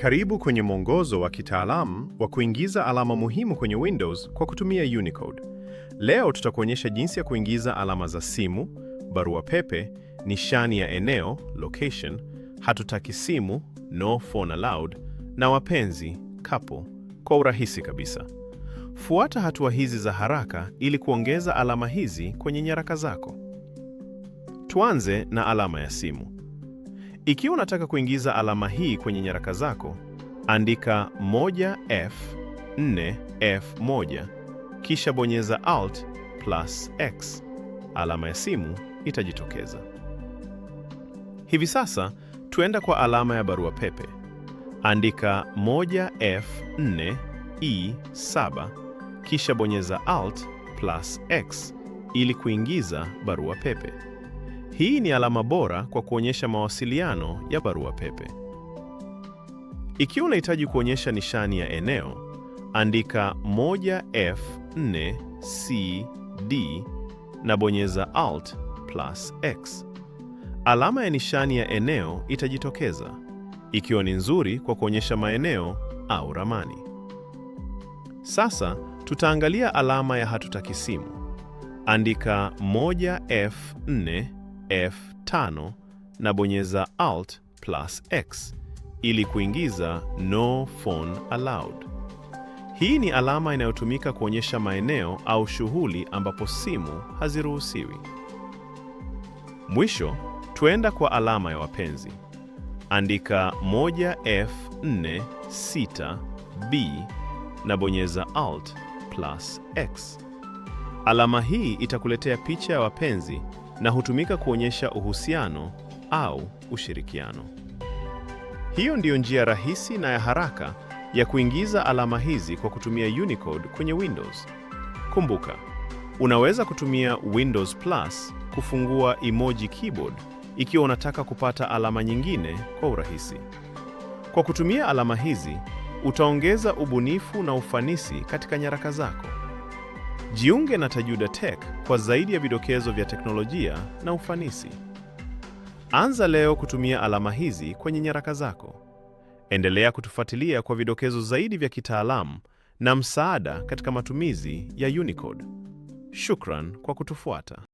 Karibu kwenye mwongozo wa kitaalamu wa kuingiza alama muhimu kwenye Windows kwa kutumia Unicode. Leo tutakuonyesha jinsi ya kuingiza alama za simu, barua pepe, nishani ya eneo location, hatutaki simu no phone allowed, na wapenzi couple kwa urahisi kabisa. Fuata hatua hizi za haraka ili kuongeza alama hizi kwenye nyaraka zako. Tuanze na alama ya simu. Ikiwa unataka kuingiza alama hii kwenye nyaraka zako, andika 1F4F1 kisha bonyeza Alt plus X. Alama ya simu itajitokeza. Hivi sasa tuenda kwa alama ya barua pepe. Andika 1F4E7 kisha bonyeza Alt plus X ili kuingiza barua pepe. Hii ni alama bora kwa kuonyesha mawasiliano ya barua pepe. Ikiwa unahitaji kuonyesha nishani ya eneo, andika 1F4CD na bonyeza Alt plus X. Alama ya nishani ya eneo itajitokeza, ikiwa ni nzuri kwa kuonyesha maeneo au ramani. Sasa tutaangalia alama ya hatutaki simu. Andika 1F4 F5 na bonyeza Alt plus X ili kuingiza no phone allowed. Hii ni alama inayotumika kuonyesha maeneo au shughuli ambapo simu haziruhusiwi. Mwisho, twenda kwa alama ya wapenzi. Andika 1F46B na bonyeza Alt plus X. Alama hii itakuletea picha ya wapenzi na hutumika kuonyesha uhusiano au ushirikiano. Hiyo ndiyo njia rahisi na ya haraka ya kuingiza alama hizi kwa kutumia Unicode kwenye Windows. Kumbuka, unaweza kutumia Windows Plus kufungua emoji keyboard ikiwa unataka kupata alama nyingine kwa urahisi. Kwa kutumia alama hizi, utaongeza ubunifu na ufanisi katika nyaraka zako. Jiunge na Tajuda Tech kwa zaidi ya vidokezo vya teknolojia na ufanisi. Anza leo kutumia alama hizi kwenye nyaraka zako. Endelea kutufuatilia kwa vidokezo zaidi vya kitaalamu na msaada katika matumizi ya Unicode. Shukran kwa kutufuata.